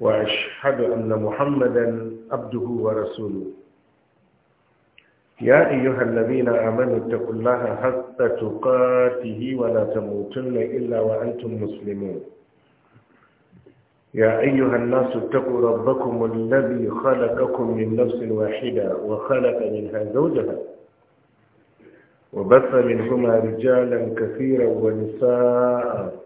واشهد ان محمدا عبده ورسوله يا ايها الذين امنوا اتقوا الله حق تقاته ولا تموتن الا وانتم مسلمون يا ايها الناس اتقوا ربكم الذي خلقكم من نفس واحده وخلق منها زوجها وبث منهما رجالا كثيرا ونساء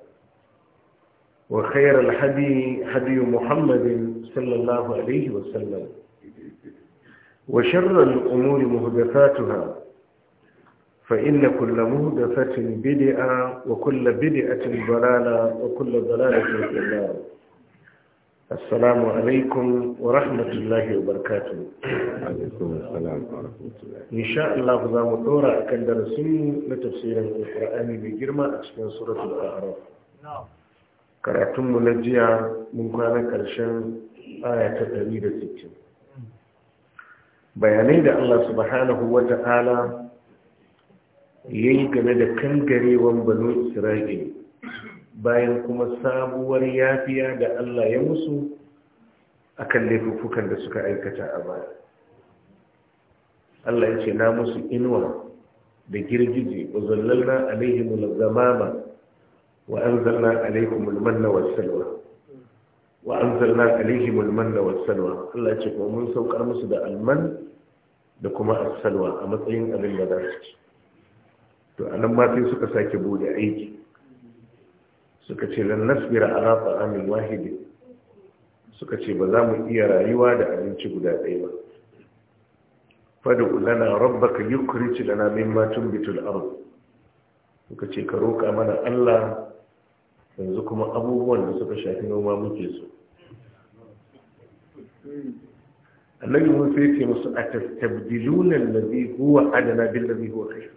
وخير الحدي هدي محمد صلى الله عليه وسلم وشر الأمور مهدفاتها فإن كل مهدفة بدئة وكل بدئة ضلالة وكل ضلالة في النار السلام عليكم ورحمة الله وبركاته عليكم السلام ورحمة الله إن شاء الله ذا مطورة أكن درسين لتفسير القرآن بجرمة أسفل سورة الأعراف نعم karatunmu na jiya mun kwana ƙarshen aya ta dari da sittin. bayanai da Allah subhanahu wa ta'ala ya yi game da kangarewan banu isra'il bayan kuma sabuwar yafiya da Allah ya musu akan laifukan da suka aikata a baya Allah ya ce na musu inuwa da girgije uzallalna alaihimul zamama وأنزلنا عليكم المن والسلوى وأنزلنا عليهم المن والسلوى الله يشكو من سوق أمسد المن دكما السلوى أمتين أبن مدارس to anan ma sai suka sake bude aiki suka ce lan nasbira ala ta'amin wahid suka ce ba za mu iya rayuwa da abinci guda ɗaya ba fadu lana rabbaka yukhrij lana mimma bitul ard suka ce ka roka mana Allah yanzu kuma abubuwan da suka shafi noma muke so annabi mun sai ce musu a tastabdiluna allazi huwa adana billazi huwa kai.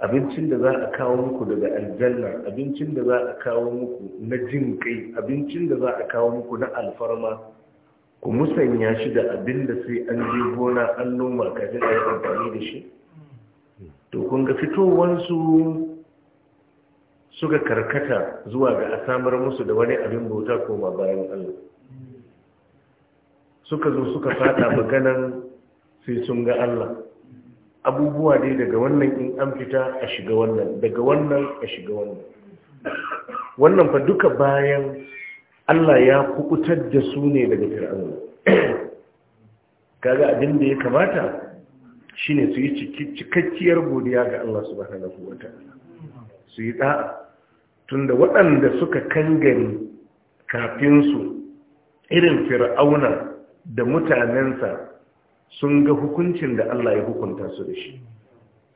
abincin da za a kawo muku daga aljanna abincin da za a kawo muku na jin kai abincin da za a kawo muku na alfarma ku musanya shi da abin da sai an je gona an noma kafin a yi amfani da shi to kun ga fitowansu suka karkata zuwa ga a samar musu da wani abin bauta koma bayan Allah suka zo suka fada maganan sai sun ga Allah abubuwa dai daga wannan in an fita a shiga wannan daga wannan a shiga wannan wannan fa duka bayan Allah ya kukutar da su ne daga fir'auna kaga abin da ya kamata shine su yi cikakkiyar godiya ga Allah subhanahu wataala su yi da'a tunda waɗanda suka kafin kafinsu irin fir'auna da mutanensa sun ga hukuncin da Allah ya hukunta su da shi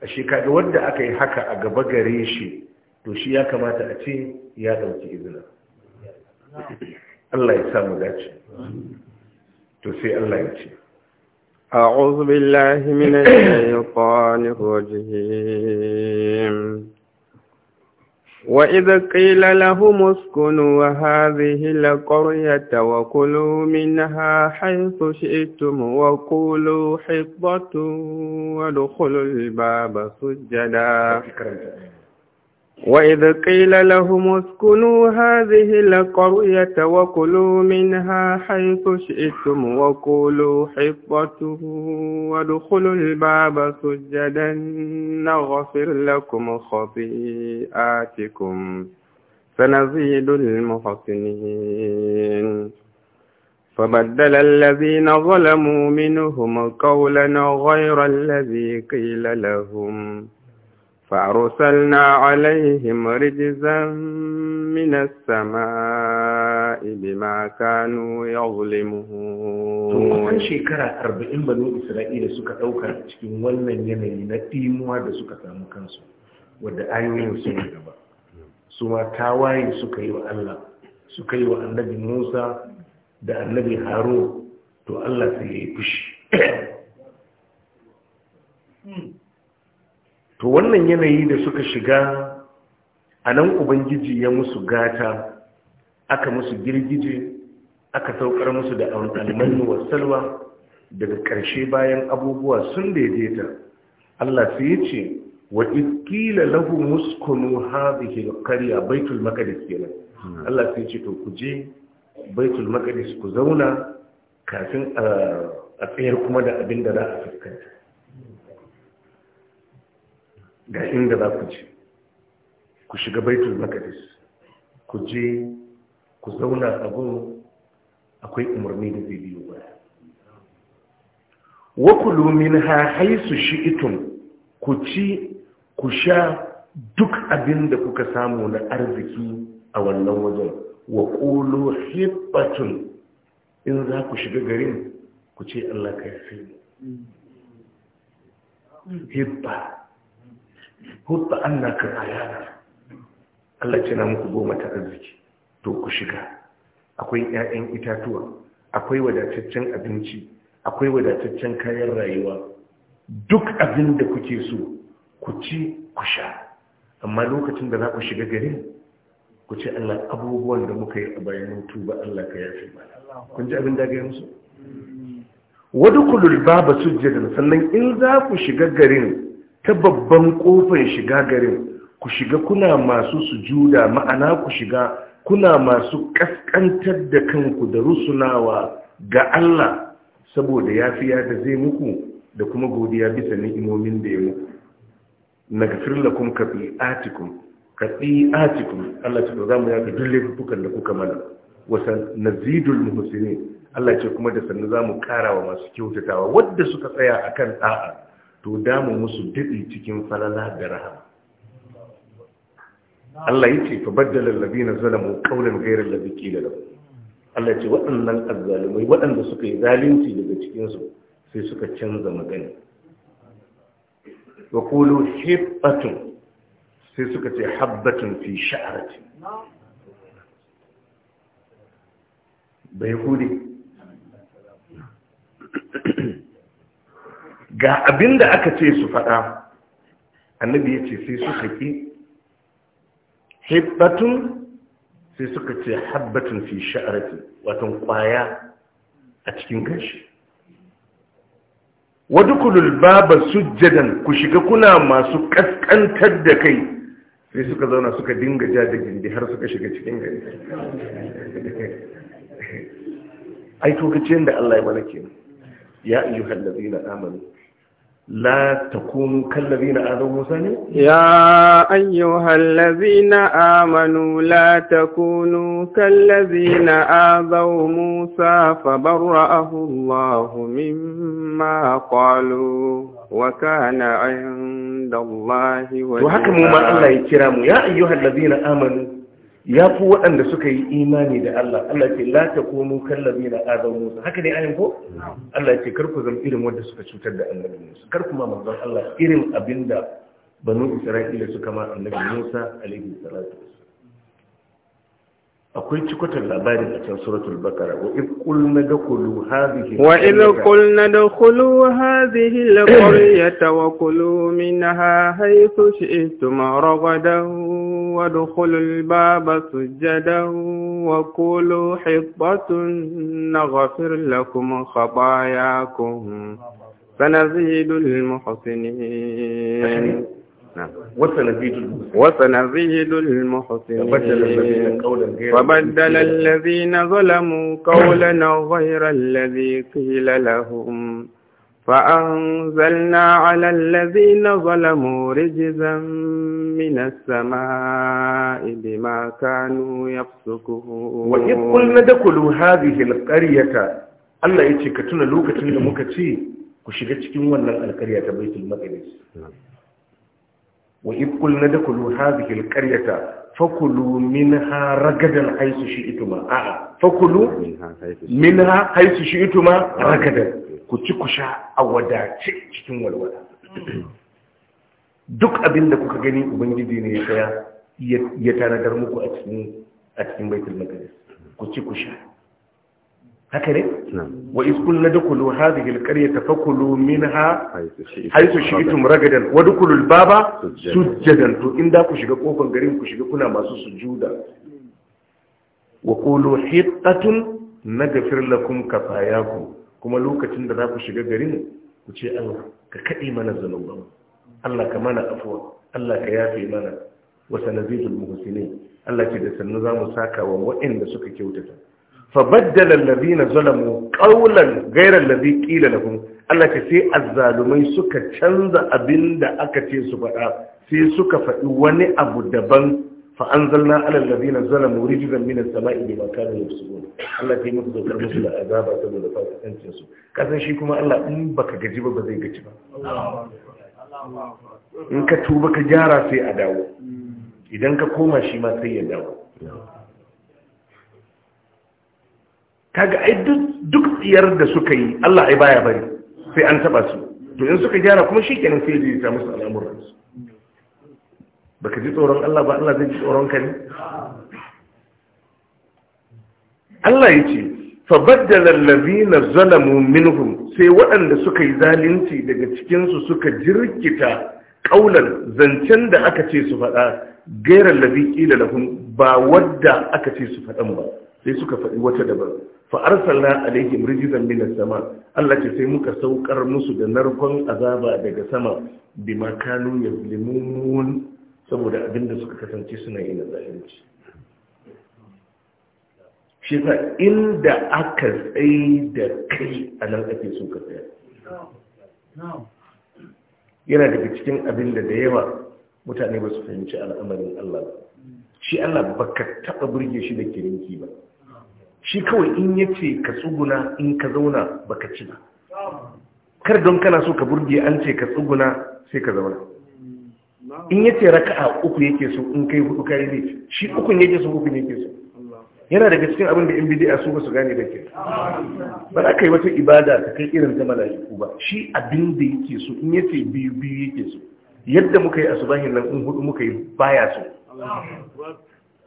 a shekaru wadda aka yi haka a gaba gare shi to shi ya kamata a ce ya ɗauki izina Allah ya samu dace to sai Allah ya ce أعوذ بالله من الشيطان الرجيم وإذ قيل لهم اسكنوا هذه القرية وكلوا منها حيث شئتم وقولوا حطة وادخلوا الباب سجدا وإذ قيل لهم اسكنوا هذه القرية وكلوا منها حيث شئتم وقولوا حطة وادخلوا الباب سجدا نغفر لكم خطيئاتكم سنزيد المحسنين فبدل الذين ظلموا منهم قولا غير الذي قيل لهم فأرسلنا عليهم رجزا من السماء بما كانوا يظلمون to shekara arba'in banu isra'ila suka ɗauka cikin wannan yanayi na timuwa da suka samu kansu wadda ayoyin ne gaba su ma tawaye suka yi wa Allah suka yi wa annabi Musa da annabi Harun to Allah sai ya yi fushi wannan yanayi da suka shiga a nan ubangiji ya musu gata aka musu girgije aka saukar musu da almanu wa salwa daga ƙarshe bayan abubuwa sun daidaita Allah su ya ce wa ikila lahu muskunu hadhihi alqarya baitul maqdis kenan hmm. Allah su ya ce to ku je baitul maqdis ku zauna kafin a tsayar kuma da abin da za a fuskanta ga inda za ku ci ku shiga baitul makadis ku je ku zauna a akwai umarni da zai biyo baya wa kulu minha haisu shi'tum ku ci ku sha duk abin da kuka samu na arziki a wannan wajen wa qulu hibbatun in za ku shiga garin ku ce Allah ka yi mu hibba an Allah kan ayyana Allah ce na muku goma ta arziki to ku shiga akwai 'ya'yan itatuwa akwai wadataccen abinci akwai wadataccen kayan rayuwa duk abin da kuke so ku ci ku sha amma lokacin da za ku shiga garin ku ce Allah abubuwan da muka yi a bayan mutu ba, Allah ka yafi ba. kun ji abin da ga musu ba mm. baba sujjadan sannan in za ku shiga garin ta babban kofar shiga garin ku shiga kuna masu sujuda ma'ana ku shiga kuna masu kaskantar da kanku da rusunawa ga Allah saboda yafiya da zai muku da kuma godiya bisa ni'imomin da ya muku nagfir lakum Kafi qati'atikum Allah ce za mu yaka dukkan fukan da kuka mana wasan nazidul muhsinin Allah ce kuma da sannu za mu wa masu kyautatawa wadda suka tsaya a kan ɗa'a to damu musu daɗi cikin falala da rahama Allah ya ce fa baddala allazina zalamu qawlan ghayra alladhi qila lahum Allah ce waɗannan azzalumai waɗanda suka yi zalunci daga cikin su sai suka canza magana wa qulu sai suka ce habbatun fi sha'rati bai hudi ga abin da aka ce su faɗa annabi ya ce sai suka ƙi hibbatun sai suka ce habbatun fi sha'arati watan ƙwaya a cikin gashi wadda kulul baba sujjadan ku shiga kuna masu ƙasƙantar da kai sai suka zauna suka dinga ja da gindi har suka shiga cikin gari ai to kace da Allah ya mana ke ya ayyuhal na amanu لا تكونوا كالذين آذوا موسى يا أيها الذين آمنوا لا تكونوا كالذين آذوا موسى فبرأه الله مما قالوا وكان عند الله وجيها وهكذا ما الله يكرم يا أيها الذين آمنوا ya fi waɗanda suka yi imani da Allah Allah ce "Lata ta komo kallabi na adam musa haka ne ayin ko Allah ce ku zama irin wanda suka cutar da annabi musa karku ma manzon Allah irin abinda banu isra'ila suka ma annabi musa alaihi salatu akwai cikotar labari a can suratul bakara wa in qulna dakhulu hadhihi wa in qulna dakhulu hadhihi alqaryata wa kulu minha haythu shi'tum ragadan wa dukhulul baba sujadan wa kulu hibatun naghfir lakum khatayakum sanazidul muhsinin وسنزيد المحسنين وبدل الذين ظلموا قولا غير الذي قيل لهم فأنزلنا على الذين ظلموا رجزا من السماء بما كانوا يفسقون وإذ قلنا دخلوا هذه القرية الله يتكتنا لوكتنا مكتي ku shiga cikin wannan alkarya ta baitul maqdis wa ikul na da kulu karyata fakulu min ha ragadan haisu shi ituma a'a fakulu min ha haisu shi ituma ragadan ku ci ku sha a wadace cikin walwala duk abin da kuka gani ubangiji ne ya saya ya tanadar muku a cikin baitul maqdis ku ci ku sha haka ne wa iskun na dukulu hadhihi alqaryata fakulu minha shi shi'tum ragadan wa dukulu albaba sujjadan to inda ku shiga kofar garin ku shiga kuna masu sujuda wa qulu na naghfir lakum kafayakum kuma lokacin da za ku shiga garin ku ce Allah ka kaɗi mana zanuban Allah ka mana afuwa. Allah ka yafe mana wa sanazidul muhsinin Allah ce da sannu za mu saka wa waɗanda suka kyautata fabaddala allazina zalamu qawlan ghayra allazi qila lahum Allah ce sai azzalumai suka canza abinda aka ce su faɗa sai suka faɗi wani abu daban fa anzalna ala allazina zalamu rijzan min as-sama'i bima kanu yafsukun Allah ya musu dokar musu da azaba saboda fasikancin su kasan shi kuma Allah in baka gaji ba ba zai gaji ba in ka tuba ka gyara sai a dawo idan ka koma shi ma sai ya dawo kaga ai duk tsiyar da suka yi Allah ai baya bari sai an taba su to in suka gyara kuma shikenan sai da ta musu al'amuran su baka ji tsoron Allah ba Allah zai ji tsoron ka ne Allah yace fa baddala allazina zalamu minhum sai waɗanda suka yi zalunci daga cikin su suka jirkita kaular zancen da aka ce su faɗa gairar labi ƙila lahun ba wadda aka ce su faɗan ba sai suka faɗi wata daban fa arsalna alaihim rijzan min as-sama Allah ce sai muka saukar musu da narkon azaba daga sama bima kanu yazlimun saboda abinda suka kasance suna yi zalunci shi inda aka tsaye da kai a nan ake so ka tsaya yana daga cikin abinda da yawa mutane ba su fahimci al'amarin Allah shi Allah baka taɓa burge shi da kirinki ba shi kawai in yace ka tsuguna in ka zauna baka ci ba kar don kana so ka burge an ce ka tsuguna sai ka zauna in yace raka'a uku yake so in kai hudu kai ne shi ukun yake so ukun yake so yana daga cikin abin da yan su ba gane da ke ba za ka yi wata ibada ta kai irin ta mala'iku ba shi abin da yake so in yace biyu biyu yake so yadda muka yi asubahin nan in hudu muka yi baya so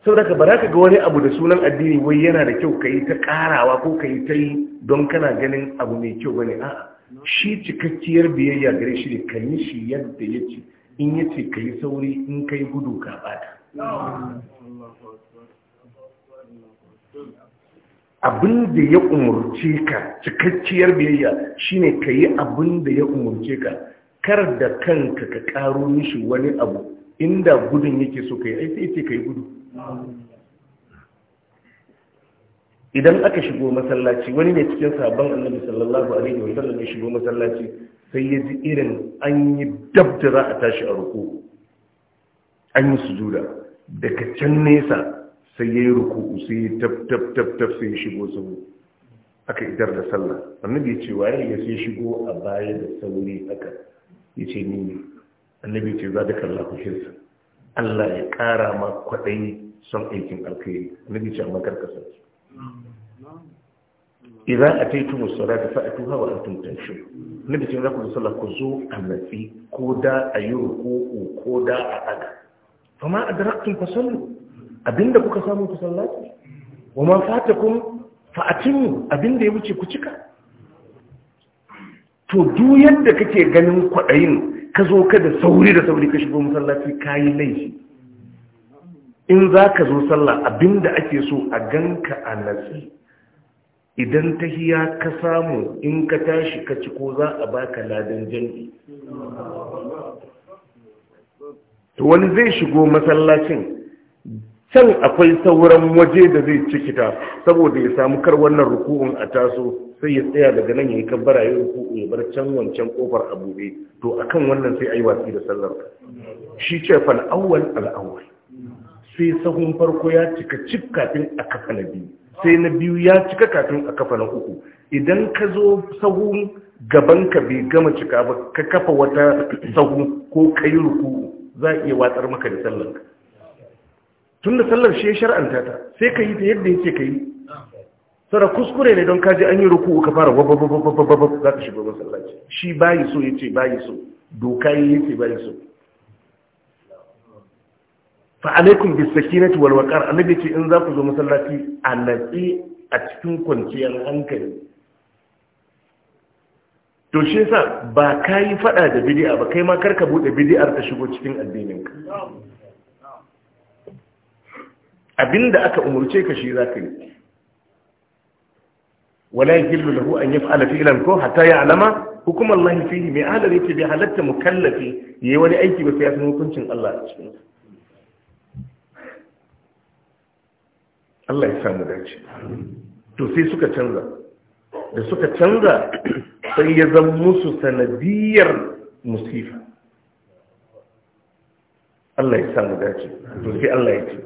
sau daga ba ka ga wani abu da sunan addini wai yana da kyau ka yi ta karawa ko ka yi ta yi don kana ganin abu mai kyau ne. a'a shi cikakkiyar biyayya gare shi ne ka yi shi yadda ya ce in ya ce ka yi sauri in ka yi gudu ka bata abin da ya umarce ka cikakkiyar biyayya shi ne ka yi abin da ya umarce ka kar da kanka ka karo mishi wani abu inda gudun yake so ka yi ai ce ka yi gudu idan aka shigo masallaci wani ne cikin sabon annabi sallallahu alaihi wa sallam ya shigo masallaci sai ya ji irin an yi dab da za a tashi a ruku an yi sujuda daga can nesa sai ya yi ruku sai ya tab tab tab tab sai ya shigo sabo aka idar da sallah annabi ya ce waye ya sai shigo a baya da sauri haka ya ce ni annabi ya ce za da kalla kushinsa Allah ya ƙara ma kwaɗayi son aikin alkhairi bi ce amma karka sarki idan a taitu musala da fa'atu hawa an tuntun shi nabi ce za ku sallah ku zo a matsi ko da a yi rukuku ko da a ɗaga fama a daraktun ku sallu abinda kuka samu ku sallaci wa ma fata kun fa'atin abinda ya wuce ku cika to duk yadda kake ganin kwaɗayin ka zo ka da sauri da sauri ka shigo masallaci ka yi laifi in za ka zo sallah abin da ake so a ganka a natsi idan ta hiya ka samu in ka tashi ka ci ko za a baka ladan jami'i to wani zai shigo masallacin can akwai sauran waje da zai cikita saboda ya samu kar wannan ruku'un a taso sai ya tsaya daga nan ya yi kabbara ya ruku'u ya bar can wancan kofar a buɗe to kan wannan sai ayi watsi da sallar shi ce fal awwal al awwal sai sahun farko ya cika cik kafin a kafa na biyu sai na biyu ya cika kafin a kafa na uku idan ka zo sahun gaban ka bai gama cika ba ka kafa wata sahu ko kai ruku'u za a iya watsar maka da sallar tun da sallar shi ya shar'anta ta sai ka yi ta yadda yake ka yi sara kuskure ne don kaji an yi ruku ka fara wababababababab za ka shiga masallaci shi bayi so ya ce bayi so doka ya ce bayi so fa'alaikun a ce in za ku zo masallaci a natsi a cikin kwanciyar hankali to shi sa ba ka yi fada da bidi'a ba kai ma karka buɗe bidi'ar ta shigo cikin addininka abinda aka umarce ka shi za ka yi wala yahillu lahu an yaf'ala ilan ko hatta ya'lama hukumar Allah fihi mai adali ce bai halatta ya yi wani aiki ba sai ya san hukuncin Allah a cikin Allah ya samu dace to sai suka canza da suka canza sai ya zama musu sanadiyar musifa Allah ya samu dace to sai Allah ya ce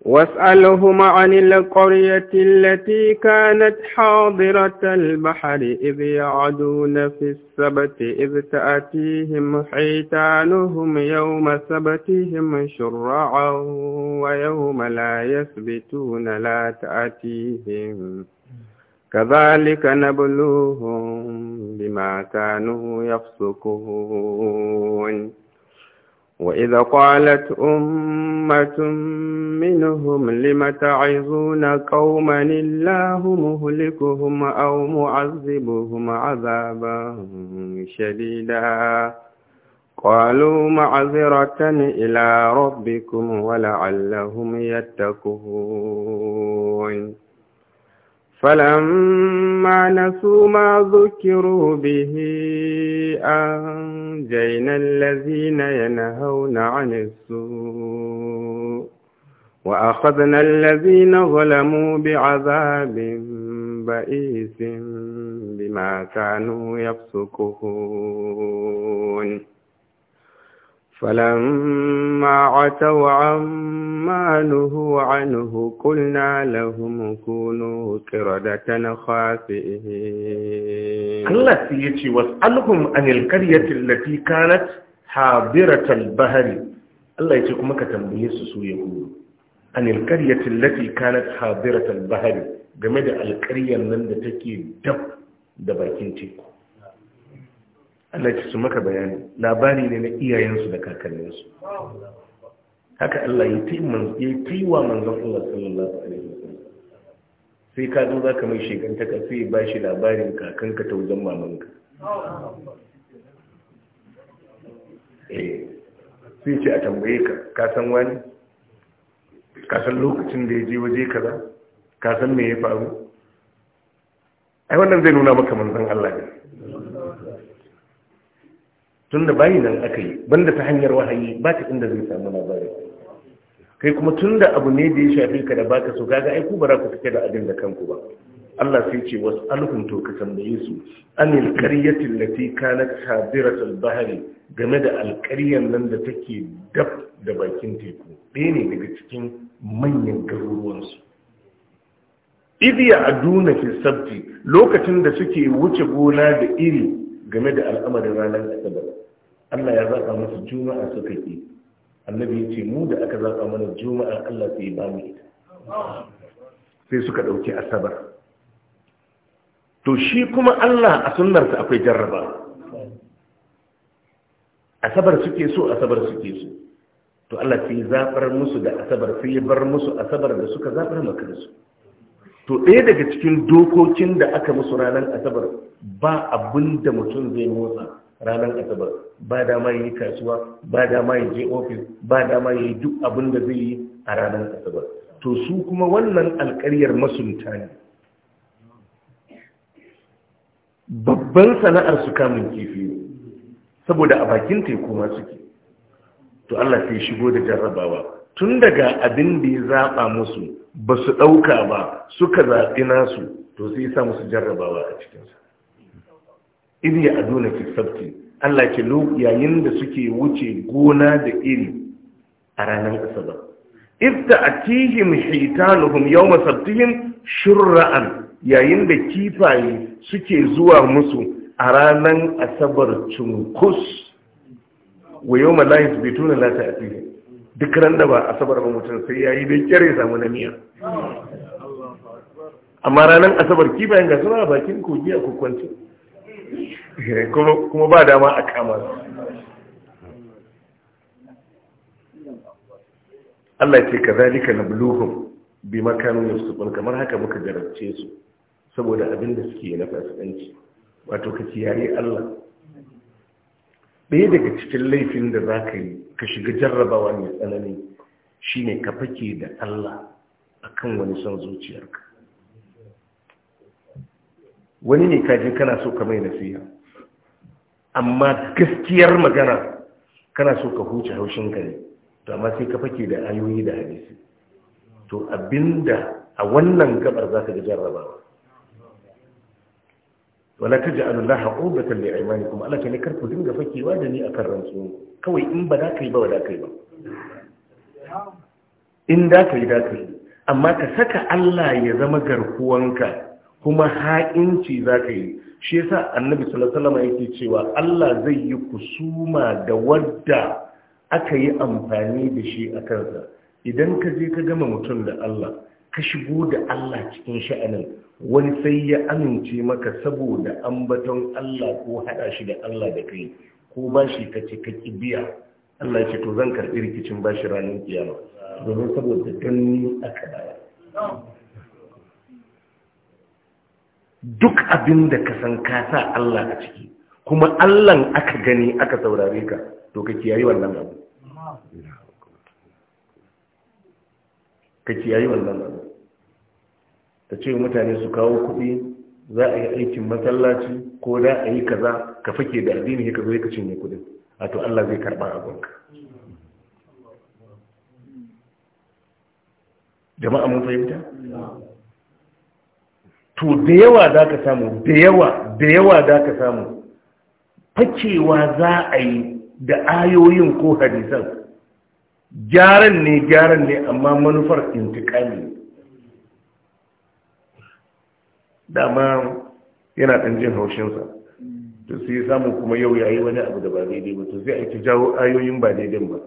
واسألهم عن القرية التي كانت حاضرة البحر إذ يعدون في السبت إذ تأتيهم حيتانهم يوم سبتهم شرعا ويوم لا يثبتون لا تأتيهم كذلك نبلوهم بما كانوا يفسقون وإذا قالت أمة منهم لم تعظون قوما الله مهلكهم أو معذبهم عذابا شديدا قالوا معذرة إلى ربكم ولعلهم يتقون فلما نسوا ما ذكروا به أنجينا الذين ينهون عن السوء وأخذنا الذين ظلموا بعذاب بئيس بما كانوا يفسقون فلما عتوا عما نهوا عنه قلنا لهم كونوا كردة خاسئين الله سيتي واسألهم عن القرية التي كانت حاضرة البحر الله يتي كما كتنبيه سو يقول عن القرية التي كانت حاضرة البحر game da alƙaryar nan da take dab da bakin teku Allah ya su maka bayani labari ne na iyayensu da kakanninsu haka Allah ya yi wa manzon Allah sallallahu alaihi wasallam sai ka zo za ka mai shekanta ka sai ba shi labarin kakanka ta wajen mamanka eh, sai ce a tambaye ka kasan wani kasan lokacin da ya je waje kaza kasan me ya faru ai wannan zai nuna maka manzon Allah ne tun da bayi nan aka yi banda ta hanyar wahayi ba ta inda zai samu labari kai kuma tun da abu ne da ya shafi ka da baka so kaga ai ku ba za ku fita da abin da kanku ba Allah sai ce wasu alhun to ka tambaye su anil qaryatin lati kanat al bahri game da alƙaryan nan da take dab da bakin teku ɗaya ne daga cikin manyan garuruwansu idiya aduna fi sabti lokacin da suke wuce gona da iri game da al'amarin ranar asabar Allah ya zaɓa musu juma'a suka ke. annabi ya ce mu da aka zaɓa mana juma'a Allah sai ya bamu ita sai suka ɗauki asabar to shi kuma Allah a sunnarsa akwai jarraba asabar suke so asabar suke so to Allah sai ya zaɓar musu da asabar sai ya bar musu asabar da suka zaɓar makarsu to ɗaya daga cikin dokokin da aka musu ranar asabar ba abin da mutum zai motsa ranar asabar ba da ma yi kasuwa ba da ma ya je ofis ba da ya yi duk abin da zai yi a ranar asabar to su kuma wannan alkaryar masunta ne babban sana'ar su kamun kifi ne saboda a bakin teku ma suke to Allah sai shigo da jarrabawa tun daga abin da ya zaɓa musu ba su ɗauka ba suka zaɓi nasu to sai sa musu jarrabawa a cikinsa iri a dole Allah ke yayin da suke wuce gona da iri a ranar asabar ifta a tihim shaitanuhum yau masabtihim shurra'an yayin da kifaye suke zuwa musu a ranar asabar cunkus wa yau malayin su bai tuna lata duk ran da ba asabar ba mutum sai ya yi bai kyare samu na miya amma ranar asabar kifayen ga suna bakin kogi a kokwanci. Eh, kuma ba dama a kama Allah ce ka zalika na bluhun bi ya su kamar haka muka jarabce su saboda abinda da suke na fasikanci wato ka kiyaye Allah ɗaya daga cikin laifin da za ka yi ka shiga jarrabawa mai tsanani shine ka fake da Allah kan wani son zuciyarka wani ne kajin kana so ka mai nasiha amma gaskiyar magana kana so ka huce haushin ka ne to amma sai ka fake da ayoyi da hadisi to abinda a wannan gabar za ka ga jarrabawa wala ta ji alullaha ubatan da aimani kuma alaka ne karku dinga fakewa da ni a kan rantsu kawai in ba za ka yi ba da ka yi ba in da ka yi da ka yi amma ka saka allah ya zama garkuwanka kuma ha'inci za ka yi shi yasa annabi sallallahu alaihi wasallam yake cewa Allah zai yi kusuma da wadda aka yi amfani da shi a kansa idan ka je ka gama mutum da Allah ka shigo da Allah cikin sha'anin wani sai ya amince maka saboda ambaton Allah ko hada shi da Allah da kai ko shi ka ce ka kibiya Allah ce to zan karbi rikicin bashi ranar kiyama domin saboda danni aka dawo duk abin da ka san ka sa Allah a ciki kuma Allahn aka gani aka saurare ka to ka kiyaye wannan abu ka kiyaye wannan abu ta ce mutane su kawo kuɗi za a yi aikin masallaci ko da a yi kaza ka fake da addini ka zo ka cinye kuɗi. a to Allah zai karɓa abinka jama'a mun fahimta to da yawa za ka samu da yawa da yawa za ka samu fakewa za a yi da ayoyin ko hadisan gyaran ne gyaran ne amma manufar intikali dama yana ɗan jin haushinsa to sai ya samu kuma yau ya wani abu da ba daidai ba to sai a yi jawo ayoyin ba daidai ba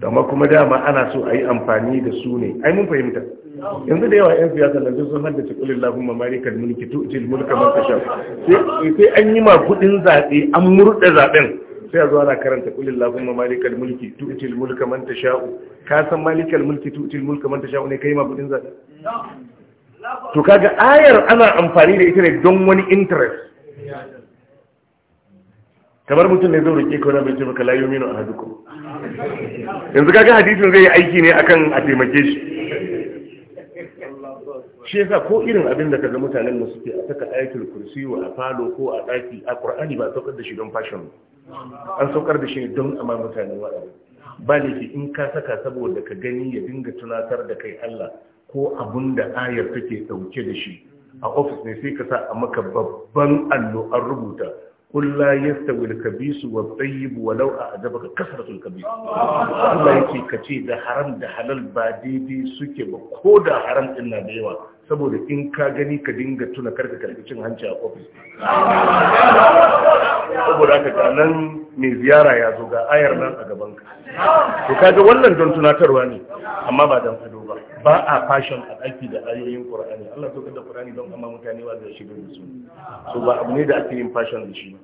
dama kuma dama ana so a yi amfani da su ne ai mun fahimta yanzu da yawa 'yan siyasa da sun hada ci kulin lafin mamari kan mulki tutil mulka man tasha sai an yi ma kudin zaɓe an murɗe zaɓen sai a zuwa na karanta kulin lafin mamari kan mulki tutil mulka man tasha ka san malikal mulki tutil mulka man tasha ne kai ma kudin zaɓe to kaga ayar ana amfani da ita ne don wani interest kamar mutum ne zai roƙe kawai bai ce maka layu mino a hadukum yanzu kaga hadisin zai yi aiki ne akan a taimake shi shi yasa ko irin abin da kaga mutanen mu suke a saka ayatul kursi wa a falo ko a daki a qur'ani ba saukar da shi don fashion an saukar da shi don amma mutanen wa'azi ba ki in ka saka saboda ka gani ya dinga tunatar da kai Allah ko abun da ayar take dauke da shi a office ne sai ka sa a maka babban allo an rubuta قل لا يستوي الكبيس والطيب ولو أعجبك كثرة الكبيس الله يكي كتي ده حرام ده حلال با دي دي سكي بكو ده حرام إنا ديوا saboda in ka gani ka dinga tuna karka karkacin cin hanci a ofis saboda ka kanan mai ziyara ya zo ga ayar nan a gabanka to kaga wannan don tunatarwa ne amma ba don ado ba ba a fashion a ɗaki da ayoyin qur'ani Allah so kada qur'ani don amma mutane wa zai shigar da su so ba abu ne da ake yin fashion da shi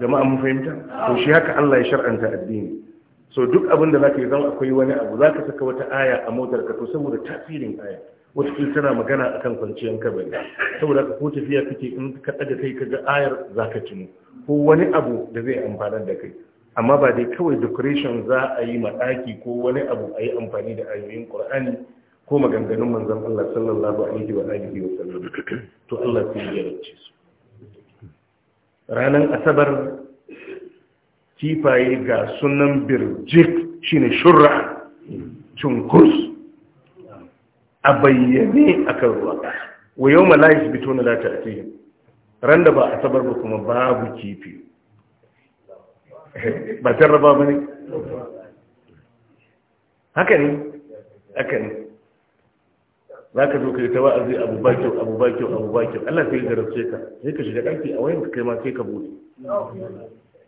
jama'a mun fahimta to shi haka Allah ya shar'anta addini so duk abin da zaka yi zan akwai wani abu zaka saka wata aya a motar ka to saboda tasirin aya wata kila tana magana akan kwanciyar ka bane saboda ka ko tafiya kake in ka daga kai kaga ayar zaka tuno ko wani abu da zai amfanar da kai amma ba dai kawai decoration za a yi maɗaki ko wani abu a yi amfani da ayoyin ƙur'ani ko maganganun manzon Allah sallallahu alaihi wa alihi wa to Allah ya yarda su ranan asabar kifaye ga sunan birjik shine shurra cunkus a bayyane a kan ruwa wa yau malayis bito da ta a cikin ran da ba a sabar ba kuma babu kifi ba ta raba ba ne haka ne haka ne za ka zo ka ta wa'azi abu ba kyau abu ba kyau abu ba kyau allah ya garabce ka sai ka shiga ƙarfi a wayan kai ma sai ka bude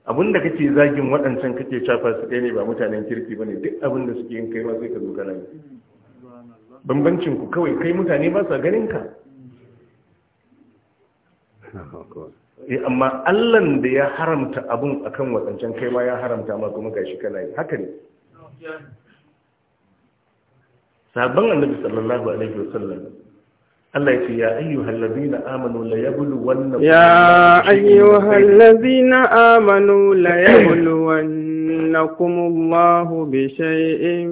abin da kake zagin waɗancan kake shafa su ɗaya ne ba mutanen kirki ba ne duk abin da suke yin kai ma sai ka zo kana yi bambancin ku kawai kai mutane ba sa ganin ka eh, amma allan da ya haramta abun akan waɗancan kai ma ya haramta ma kuma gashi kana yi haka ne sabon annabi sallallahu alaihi wasallam Allah ya ce ya ayyu hallabi na amanu la ya bulu wannan ya ayyu hallabi na amanu la ya bulu wannan kuma Allahu bi shay'in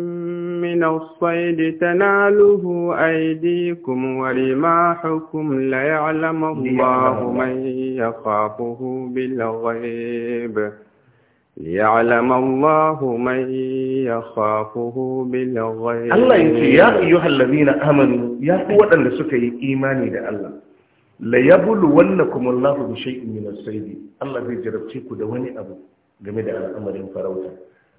min al-sayd tanaluhu aydikum wa rimahukum la ya'lamu Allahu man yaqabuhu bil ghaib ليعلم الله من يخافه بالغيب الله ينتي يا أيها الذين آمنوا يا قوة أن سكي إيماني لألّه la yabulu wannakum Allahu bi shay'in min as-sayd Allah zai jarabce ku da wani abu game da al'amarin farauta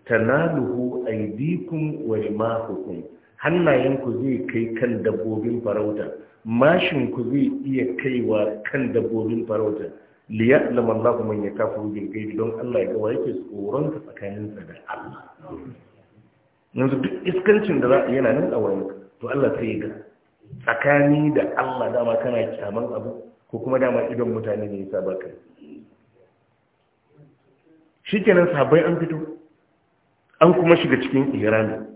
tanaluhu aydikum wa rimahukum hannayenku zai kai kan dabbobin farauta mashin ku zai iya kaiwa kan dabbobin farauta liya'lam Allahu man yakafu bil ghaibi don Allah ya gawa yake tsoron ka tsakanin sa da Allah yanzu duk iskancin da za a yana nan a wani to Allah sai ga tsakani da Allah dama kana kyaman abu ko kuma dama idan mutane ne yasa baka shikenan sabai an fito an kuma shiga cikin irani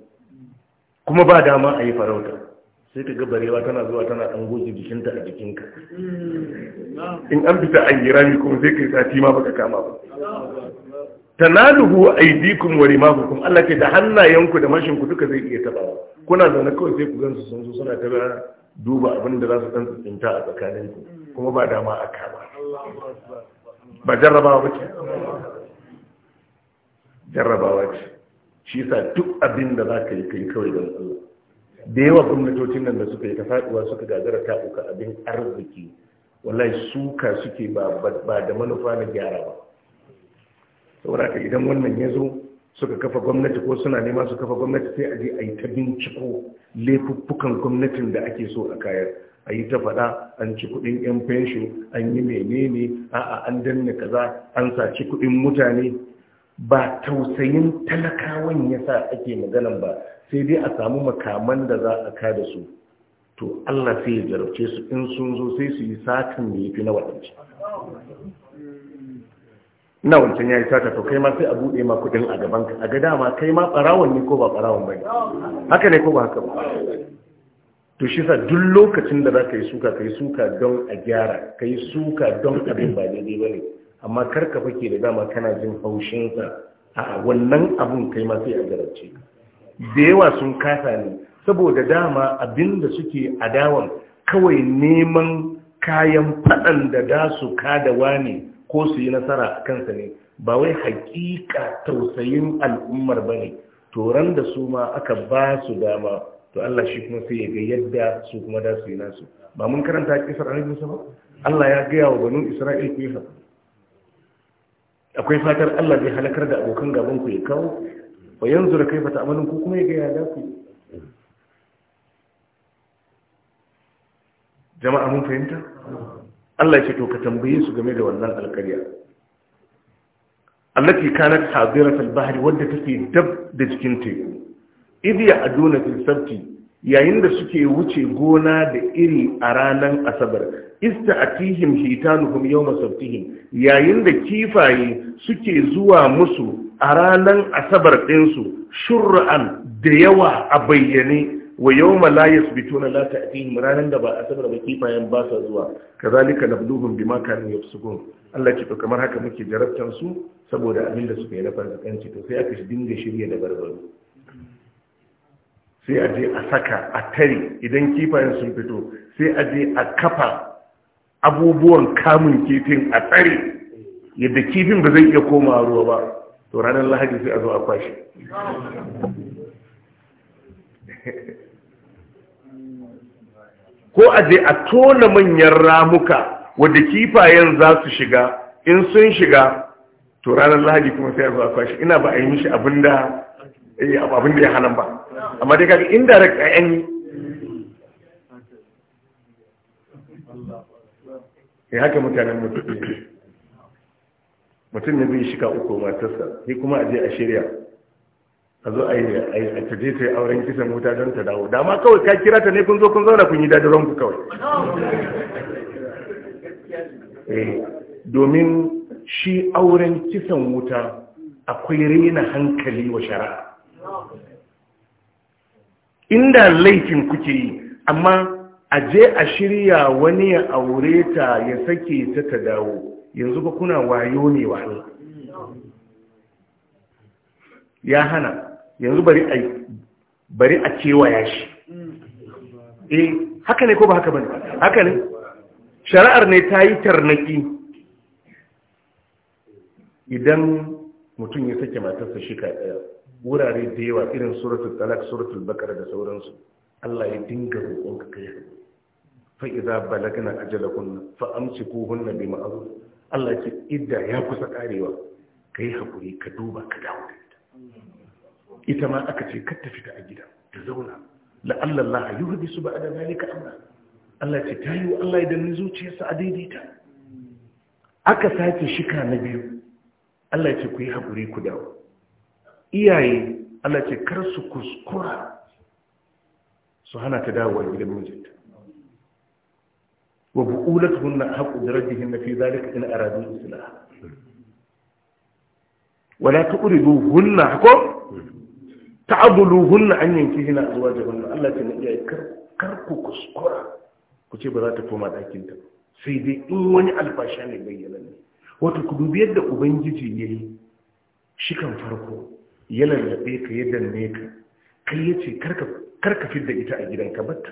kuma ba dama a yi farauta sai ka barewa tana zuwa tana ɗan goge jikinta a jikinka hmm. in an fita an yi rami kuma sai ka yi sati ma baka kama ba Ta na a tanaluhu aydikum wa kuma Allah ke da hannayenku da mashinku duka zai iya tabawa kuna zaune kawai sai ku gansu sun zo suna taba duba abin da za su ɗan tsinta a tsakaninku hmm. kuma ba dama a kama ba jarrabawa ba ce jarrabawa ce shi sa duk abin da za ka yi kai kawai don Allah da yawa gwamnatocin nan da suka yi ta faɗuwa suka gagara ta uka abin arziki wallahi suka suke ba da manufa na gyara ba saboda ka idan wannan ya zo suka kafa gwamnati ko suna nema su kafa gwamnati sai a je a yi ta binciko laifuffukan gwamnatin da ake so a kayar a yi ta faɗa an ci kuɗin 'yan fensho an yi menene a'a an danne kaza an saci kuɗin mutane ba tausayin talakawan ya sa ake maganan ba sai dai a samu makaman da za a ka da su to Allah sai ya jarabce su in sun zo sai su yi satin da ya fi na waɗanci na wancan ya yi sata to kai ma sai a buɗe ma kuɗin a gaban ka a ga dama kai ma ɓarawon ne ko ba ɓarawon ba ne haka ne ko ba haka ba to shi sa duk lokacin da za ka yi suka ka yi suka don a gyara ka yi suka don abin ba daidai ba ne amma karka fake da dama kana jin haushinsa a wannan abun kai ma sai a garace da yawa sun kasa ne saboda dama abinda suke adawan kawai neman kayan fadan da da su kadawa ne ko su yi nasara a kansa ne ba wai hakika tausayin al'ummar ba ne toron da su ma aka ba su dama to Allah shi kuma sai ya ga yadda su kuma da su yi nasu ba mun karanta kisar annabi ba Allah ya gaya wa banu Isra'il kisa akwai fatar Allah zai halakar da abokan gaban ku ya kawo wa yanzu da kaifa ta'amalin ku kuma ya ga ya za ku jama'a mun fahimta Allah ya ce to ka tambaye su game da wannan alƙarya allati kanat hadirat bahri wadda take dab da cikin teku idiya aduna fil sabti yayin da suke wuce gona da iri a ranar asabar ista tihim hitanuhum yawma sabtihim yayin da kifaye suke zuwa musu a ranar asabar ɗinsu shurran da yawa a bayyane wa yawma la yasbituna la ta'tihim ranar da ba asabar ba kifayen ba sa zuwa kazalika nabluhum bima kanu yafsukun Allah ce to kamar haka muke jarabtan su saboda abin da suka yi na kanci to sai aka dinga shirye da barbaro sai a je a saka a tare idan kifayen sun fito sai a je a kafa abubuwan kamun kifin a tsare yadda kifin ba zai iya koma ruwa ba to ranar lahadi sai a zo a kwashe ko a je a tona manyan ramuka wadda kifayen za su shiga in sun shiga to ranar lahadi kuma sai a zo a kwashe ina ba a yi mishi abinda eh, ya hana ba amma dai kaga indirect a yan yi haka mutanen mutum mutum ne zai shiga uku matarsa sai kuma a je a shirya a zo a yi a taje ta auren kisan wuta don ta dawo dama kawai ka kira ta ne kun zo kun zauna kun yi dadiron ku kawai eh, domin shi auren kisan wuta akwai rena hankali wa shari'a inda laifin kuke yi amma a je a shirya wani ya aure ta ya sake ta ta dawo yanzu ba kuna wayo ne wa Allah ya hana yanzu bari a bari a kewaya shi eh haka ne ko ba haka bane haka ne shari'ar ne ta yi tarnaki idan mutum ya sake matarsa shi ka ɗaya wurare da yawa irin suratul talak suratul bakara da sauransu Allah ya dinga roƙon ka kai fa idza balagna ajalakunna fa amsikuhunna bi ma'ruf Allah ce idda ya kusa karewa kai hakuri ka duba ka dawo da ita ita ma aka ce ka tafi ta a gida Ka zauna la'alla Allah yuhdisu ba'da zalika amra Allah ce tayi Allah idan zuciyarsa a daidaita aka sake shika na biyu Allah ya ce ku yi hakuri ku dawo iyaye Allah ce kar su kuskura su hana ta dawowa gidan mijinta wa hunna haqqu na fi zalika in aradu islah wala hunna ko hunna an yankihina azwajahunna Allah ce iyaye kar kar ku kuskura ku ce ba za ta koma dakin ta sai dai in wani albashi ne bayyana ne wato ku dubi yadda ubangiji yayi shi kan farko ya lallabe ka yadda danne ka kai ya ce karka fidda ita a gidan ka batta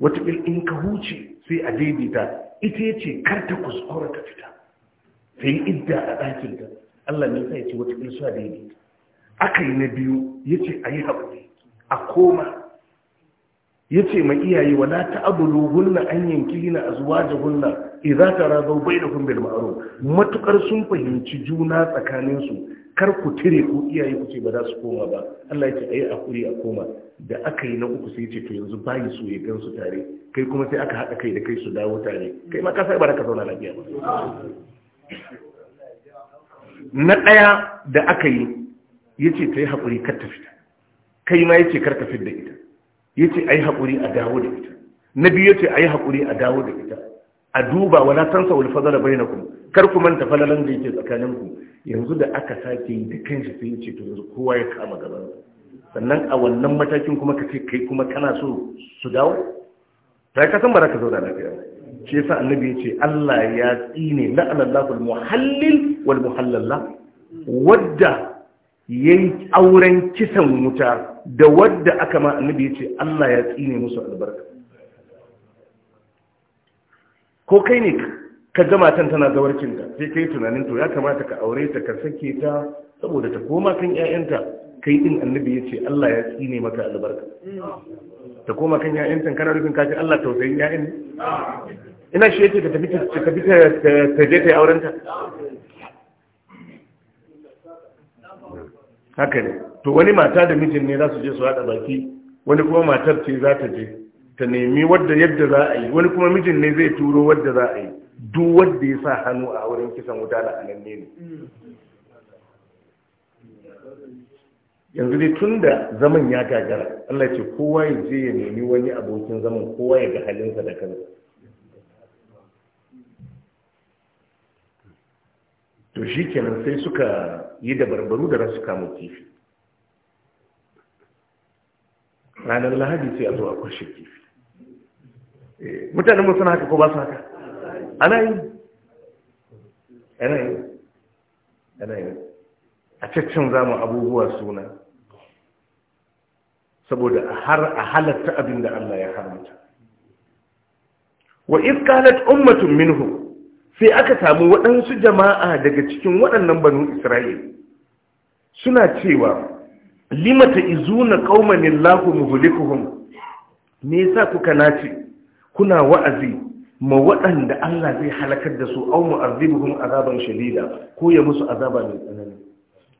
wata in ka huce sai a daidaita ita ya ce karta kuskura ta fita sai yi idda a ɗakin ta Allah ne sai ce wata il su a daidaita aka yi na biyu ya ce a yi haƙuri a koma ya ce mai iyaye wa wala ta'abulu hunna an a zuwa da yankilina azwajahunna idza taradaw bainakum bil ma'ruf matukar sun fahimci juna tsakaninsu. su kar ku tire ku iyaye ku ce ba za su koma ba Allah ya ce ayi hakuri a koma da aka yi na uku sai ce to yanzu bayi so ya gansu tare kai kuma sai aka haɗa kai da kai su dawo tare kai ma ka sai baraka zauna lafiya ba na ɗaya da aka yi ya ce ta yi haƙuri kar ta fita kai ma ya ce kar ka fita da ita ya ce a yi haƙuri a dawo da ita na biyu ya ce a yi haƙuri a dawo da ita a duba wala tansa bai fadala bainakum kar ku manta falalan da yake tsakaninku yanzu da aka sake yi da kanshi sai ya ce to yanzu kowa ya kama gaban sannan a wannan matakin kuma ka ce kai kuma kana so su dawo ta ka san ba za ka zauna lafiya shi yasa annabi ya ce Allah ya tsine na al-muhallil wal muhallalla wadda yayi auren kisan wuta da wadda aka ma annabi ya ce Allah ya tsine musu albarka ko kai ne ka ga matan tana zawarcin ta sai kai tunanin to ya kamata ka aure ta ka sake ta saboda ta koma kan ƴaƴanta kai din annabi yace Allah ya tsine maka albarka ta koma kan ƴaƴanta kana rufin kashi, Allah tausayin ƴaƴan ina shi yake ta tafi ta tafi ta je ta auren ta haka ne to wani mata da mijin ne za su je su haɗa baki wani kuma matar ce za ta je ta nemi wadda yadda za a yi wani kuma mijin ne zai turo wadda za a yi duk wanda ya sa hannu a wurin kisan wuta na ananne ne yanzu dai tun da zaman ya gagara Allah ce kowa ya je ya nemi wani abokin zaman kowa ya ga halinsa da kansa to shi kenan sai suka yi da barbaru da rasu kamo kifi ranar lahadi sai a zo a kwashe kifi eh, mutanen suna haka ko ba su haka ana yi ana yi ana yi a cikin zamu abubuwa suna saboda har a halatta abin da Allah ya haramta wa kanat ummatun minhu sai aka samu waɗansu jama'a daga cikin waɗannan banu isra'il suna cewa limata izuna qauman lahu muhlikuhum me yasa kuka nace kuna wa'azi ma waɗanda Allah zai halakar da su au mu'azibuhum azaban shadida ko ya musu azaba mai tsanani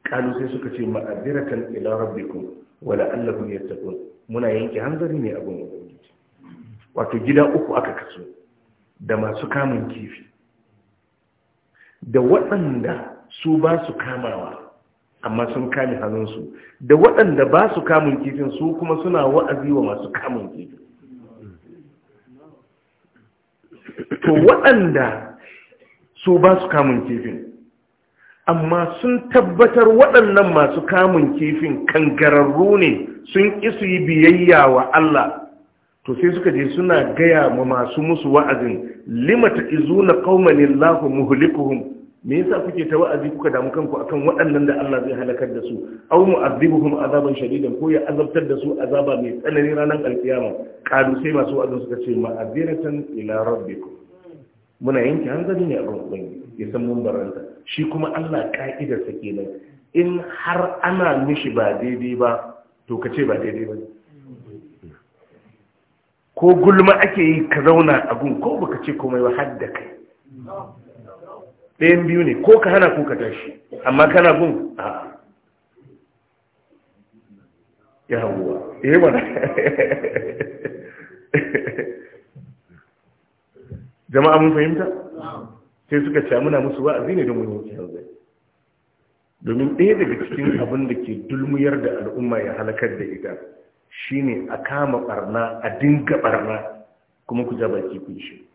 kalu sai suka ce ma'adiratan ila rabbikum wa la'allakum yattaqun muna yanke hanzari ne abun ubangiji wato gida uku aka kaso da masu kamun kifi da waɗanda su ba su kamawa amma sun kame hannunsu da waɗanda ba su kamun kifin su kuma suna wa'azi wa masu kamun kifin to waɗanda su ba su kamun kifin amma sun tabbatar waɗannan masu kamun kifin kan gararru ne sun isu yi biyayya wa Allah to sai suka je suna gaya ma masu musu wa'azin limata izuna qauman lahu muhlikuhum me yasa kuke ta wa'azi kuka damu kanku akan waɗannan da Allah zai halakar da su aw mu'azibuhum azaban shadidan ko ya azabtar da su azaba mai tsanani ranar alkiyama kalu sai masu wa'azin suka ce ma'aziratan ila rabbikum muna yanke hanzari ne a ruwan ya san mun baranta shi kuma Allah ka'idar sa kenan in har ana mishi ba daidai ba to ka ce ba daidai ba ko gulma ake yi ka zauna a gun ko baka ce komai ba har da kai ɗayan biyu ne ko ka hana ko ka tashi amma kana gun a Ya yi eh mana jama'a mun fahimta sai suka ce muna musu wa'azi ne don mun yi yanzu domin ɗaya daga cikin abin da ke dulmuyar da al'umma ya halakar da ita shine a kama barna a dinga barna kuma ku ja baki kun shi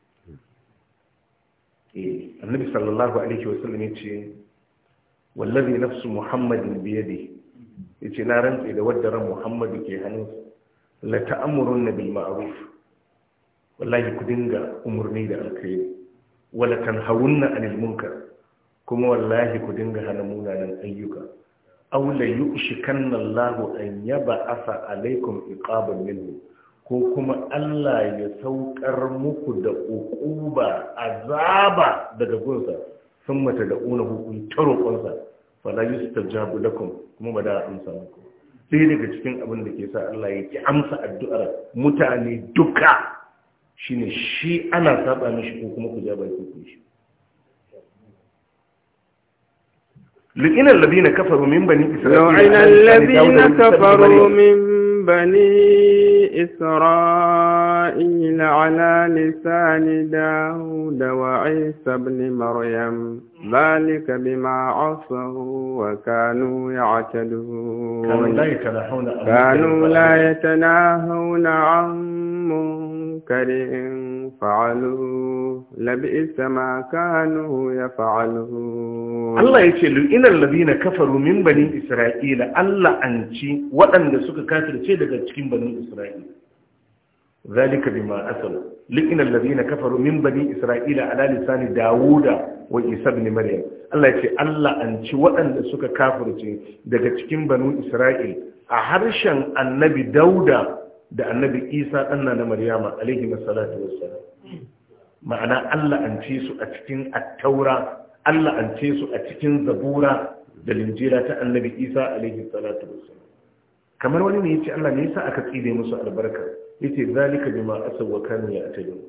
Eh, annabi sallallahu alaihi wasallam ya ce wallazi nafsu muhammadin biyadi ya ce na rantse da wadda ran muhammadu ke hannu la ta'amurun na bil ma'ruf wallahi ku dinga umarni da alkhairi wala tanhawunna anil munkar kuma wallahi ku dinga hana munanan ayyuka aw la yu'shikanna Allahu an alaikum alaykum iqaban minhu ko kuma Allah ya saukar muku da ukuba azaba daga gunsa sun mata da una hukun ta yi su yustajabu lakum kuma ba da amsa muku sai daga cikin abin da ke sa Allah ya ki amsa addu'ar mutane duka Shi ne shi ana saba mishi ko kuma ku ja baki ku shi لئن الذين كفروا من بني إسرائيل لئن الذين كفروا من بني إسرائيل على لسان داود وعيسى بن مريم ذلك بما عصوا وكانوا يعتدون كانوا لا يتناهون عن منكر فعلوه لبئس ما كانوا يفعلون الله يقول إن الذين كفروا من بني إسرائيل الله أنشي وأن سك كافر شيء لك بني إسرائيل ذلك بما أصلوا لإن الذين كفروا من بني إسرائيل على لسان داوود wa isa ibn maryam Allah ya ce Allah an ci waɗanda suka kafirce daga cikin banu isra'il a harshen annabi dauda da annabi isa ɗanna na maryama alaihi masalatu wassalam ma'ana Allah an ce su a cikin attaura Allah an ce su a cikin zabura da linjira ta annabi isa alaihi salatu wassalam kamar wani ne yace Allah ne yasa aka tsire musu albarka yace zalika bima asaw wa kanu ya'tadun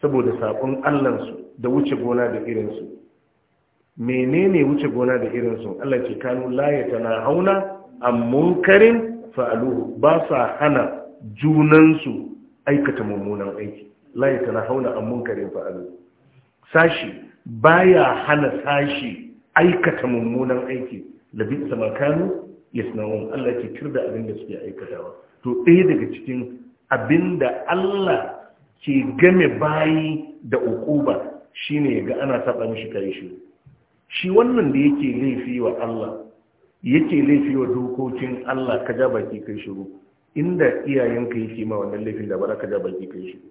saboda sakon Allah su da wuce gona da irinsu menene wuce gona da irinsu Allah ce kanu laye tana hauna amun karin fa'aluhu ba sa hana junansu aikata mummunan aiki laye tana hauna amun karin fa'aluhu sashi baya hana sashi aikata mummunan aiki labi sama kanu yasnawun Allah ke da abin da suke aikatawa to ɗaya daga cikin abin da Allah ke game bayi da ukuba shi ya ga ana taɓa mishi kai shi shi wannan da yake laifi wa Allah yake laifi wa dokokin Allah ka ja baki kai shiru inda iyayenka yake ma wannan laifin da bara ka ja baki kai shiru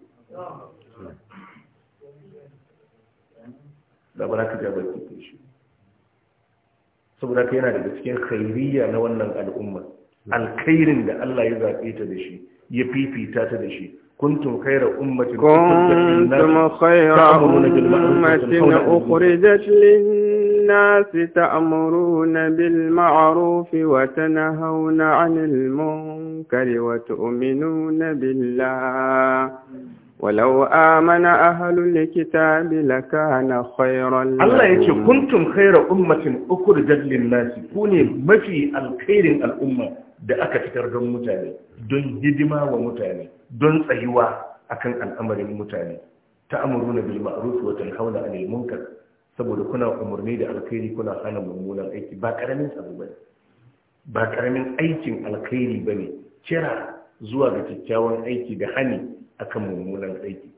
da bara ka ja baki kai shiru saboda ka yana daga cikin khairiyya na wannan al'umma alkhairin da Allah ya zaɓe ta da shi ya fifita ta da shi كنتم خير أمة كنتم خير أمة أخرجت للناس تأمرون بالمعروف وتنهون عن المنكر وتؤمنون بالله ولو آمن أهل الكتاب لكان خيرا لهم الله يقول كنتم خير أمة أخرجت للناس كوني مفي الخير الأمة da aka fitar don mutane don hidima wa mutane don tsayuwa akan al'amarin mutane ta bilma a ma'ruf watan hauna a munkar saboda kuna umarni da alkhairi kuna hana mummunan aiki ba karamin abu bane ba karamin aikin alkhairi bane kira zuwa ga kyakkyawan aiki da hani akan mummunan aiki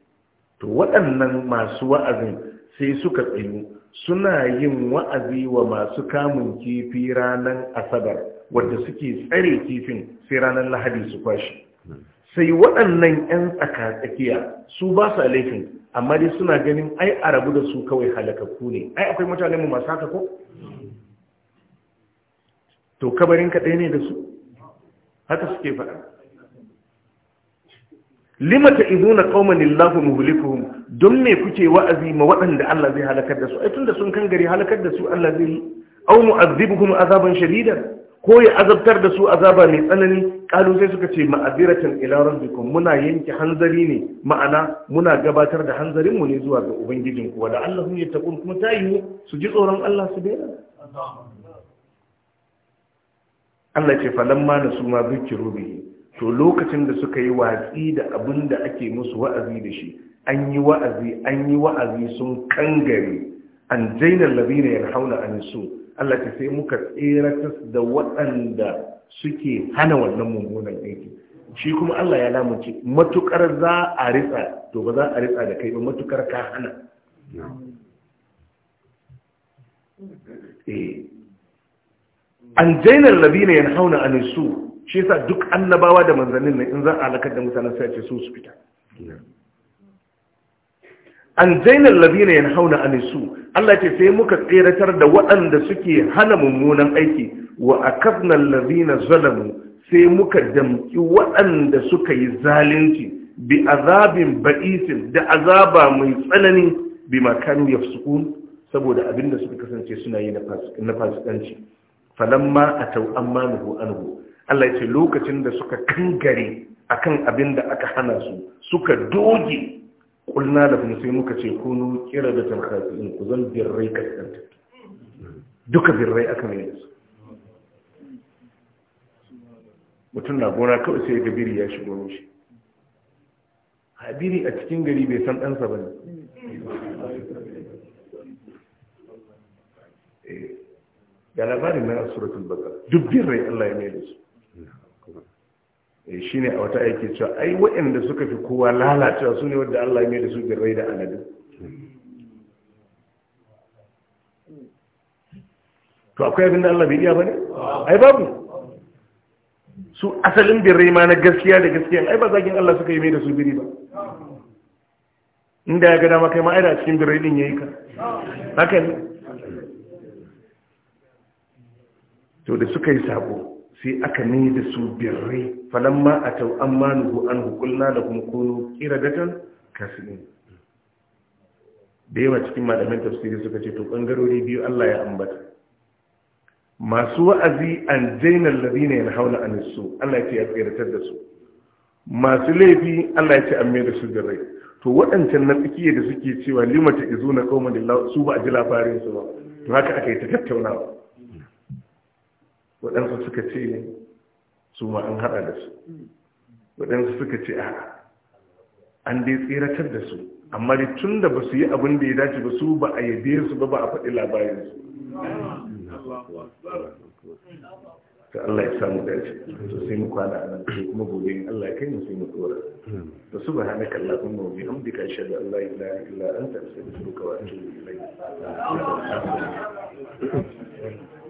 to waɗannan masu wa'azin sai suka tsayu suna yin wa'azi wa masu kamun kifi ranar asabar wadda suke tsare kifin sai ranar lahadi su kwashi sai waɗannan 'yan tsakiya su ba sa laifin amma dai suna ganin ai a rabu da su kawai halakakku ne ai akwai mutane mu masu haka ko to kabarin kaɗai ne da su haka suke faɗa limata izuna qauman illahu muhlikuhum don me kuke wa'azi ma waɗanda Allah zai halakar da su ai da sun kan gari halakar da su Allah zai au mu'azzibuhum azaban shadidan ko ya azabtar da su azaba mai tsanani kalu sai suka ce ma'aziratan ila rabbikum muna yanke hanzari ne ma'ana muna gabatar da hanzarin mu ne zuwa ga ubangijin ku wala ya taqul kuma tayi su ji tsoron Allah su daina Allah ce falamma su ma zikiru rubi. to lokacin da suka yi watsi da abin da ake musu wa'azi da shi an yi wa'azi an yi wa'azi sun kangare an jainar labina ya hauna an nisu Allah ta sai muka tseratas da waɗanda suke hana wannan mummunan aiki shi kuma Allah ya lamunci matukar za a ritsa to ba za a ritsa da kai ba matukar ka hana eh. an jainar labina ya hauna an nisu shi sa duk annabawa da manzannin nan in za a halakar da mutanen sai ce su su fita an zainar labina yana hauna a nisu Allah ce sai muka tseratar da waɗanda suke hana mummunan aiki wa a kafnan labina zalamu sai muka damki waɗanda suka yi zalunci bi azabin ba'isin da azaba mai tsanani bi makaru ya saboda abinda suka kasance suna yi na fasikanci falamma a tau amma nuhu anuhu. Allah ce lokacin da suka kangare akan abin da aka hana su suka doge kulna da kuma sai muka ce kunu kira da tarkhasin ku zan birrai kaskanta duka birrai aka mai su mutum na gona kawai sai ga biri ya shigo mishi a biri a cikin gari bai san ɗansa ba ne ga labarin na suratul baka duk birrai Allah ya mai da su Eh, shi ne a wata aiki cewa ai waɗanda suka fi kowa lalacewa su ne wadda Allah mai da su birrai da aladu to akwai abin da Allah bai iya ba ne? ai babu su asalin birrai ma na gaskiya da gaskiya ai ba zagin Allah suka yi mai da su biri ba inda ya gada yi ma'aida cikin birrai din ya yi ka haka ne to da suka yi sabo sai aka mai da su birrai falamma a tau an manuhu an hukulna da kuma kono kiradatan kasirin da yawa cikin malamin tafsiri suka ce to ɓangarori biyu Allah ya ambata masu wa'azi an jainar lalina yana hauna an su Allah ya ce ya tsiratar da su masu laifi Allah ya ce an mai da su birrai to waɗancan na tsakiyar da suke cewa limata izo na kawo su ba a ji labarinsu ba to haka aka yi ta tattaunawa waɗansu suka ce su ma an haɗa da su waɗansu suka ce a an dai tsiratar da su amma da tun da ba su yi abin da ya dace ba su ba a yabe su ba ba a faɗi labarin su ta Allah ya samu dace su sai mu kwana a nan sai kuma gobe Allah ya kai mu sai mu tsora Ba su hana to subhanaka allahumma wa bihamdika ashhadu an la ilaha illa anta astaghfiruka wa atubu ilayk